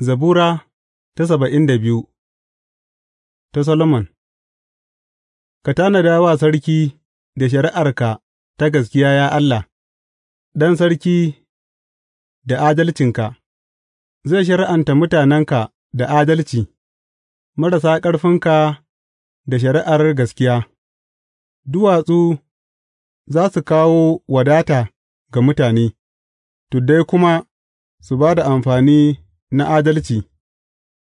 Zabura ta saba'in da biyu ta Solomon Ka tanada wa sarki da shari'arka ta gaskiya, ya Allah, ɗan sarki da adalcinka, zai shari'anta mutanenka da adalci, marasa ƙarfinka da shari'ar gaskiya, duwatsu za su kawo wadata ga mutane, tuddai kuma su ba da amfani na adalci,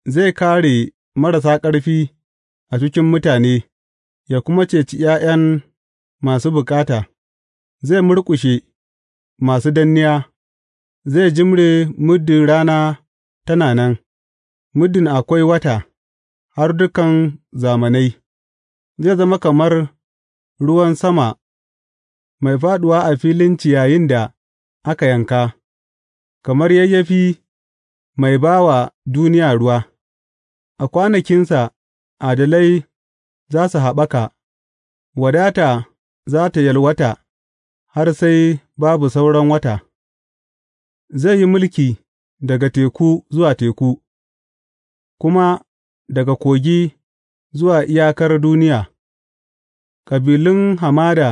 zai kare marasa ƙarfi a cikin mutane, ya kuma ceci ’ya'yan masu bukata, zai murƙushe masu danniya, zai jimre muddin rana tana nan, muddin akwai wata, har dukan zamanai, zai zama kamar ruwan sama mai fāɗuwa a filin ciyayin da aka yanka, kamar yayyafi mai ba wa duniya ruwa; a kwanakinsa adalai za su haɓaka, wadata za ta yalwata har sai babu sauran wata; zai yi mulki daga teku zuwa teku, kuma daga kogi zuwa iyakar duniya; kabilun hamada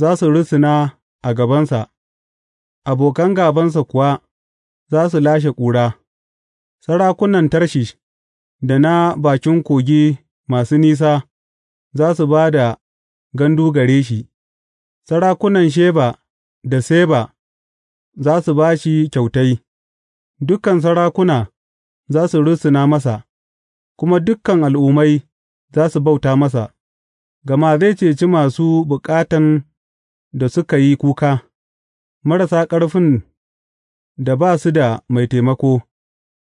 za su rusuna a gabansa, abokan gabansa kuwa. za su lashe ƙura, sarakunan Tarshish da na bakin kogi masu nisa za su ba da gandu gare shi, sarakunan Sheba da Seba za su ba shi kyautai, dukan sarakuna za su rusuna masa, kuma dukan al'ummai za su bauta masa, gama zai ceci masu bukatan da suka yi kuka, marasa ƙarfin da ba su da mai taimako,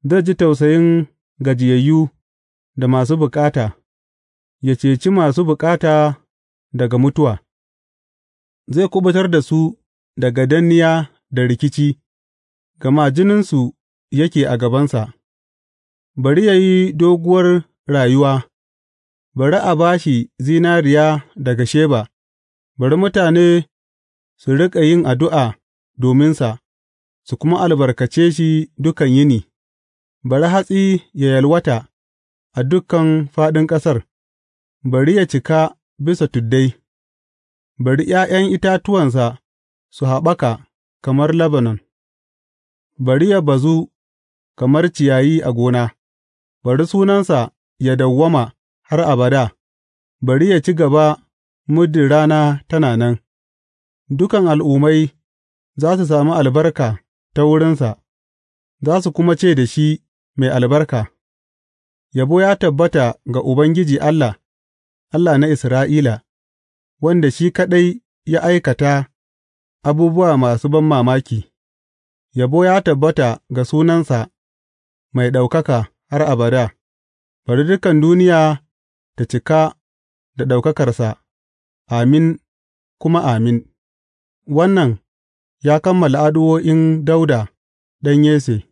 zai ji tausayin gajiyayyu da masu bukata, ya ceci masu bukata daga mutuwa, zai kubutar da su daga danniya da rikici, gama jininsu yake a gabansa, bari ya yi doguwar rayuwa, bari a ba shi zinariya daga Sheba, bari mutane su riƙa yin addu'a dominsa. su kuma albarkace shi dukan yini; bari hatsi ya yalwata a dukan faɗin ƙasar, bari ya cika bisa tuddai, bari ’ya'yan itatuwansa su haɓaka kamar Lebanon, bari ya bazu kamar ciyayi a gona, bari sunansa ya dawwama har abada, bari ya ci gaba muddin rana tana nan, dukan al'ummai za su sami albarka. ta wurinsa, za su kuma ce da shi mai albarka, Yabo ya tabbata ga Ubangiji Allah, Allah na Isra'ila, wanda shi kaɗai ya aikata abubuwa masu ban mamaki. yabo ya tabbata ga sunansa mai ɗaukaka har abada, bari dukan duniya ta cika da ɗaukakarsa, amin kuma amin. Wannan Ya kammala addu'o'in Dawuda ɗan Yesse.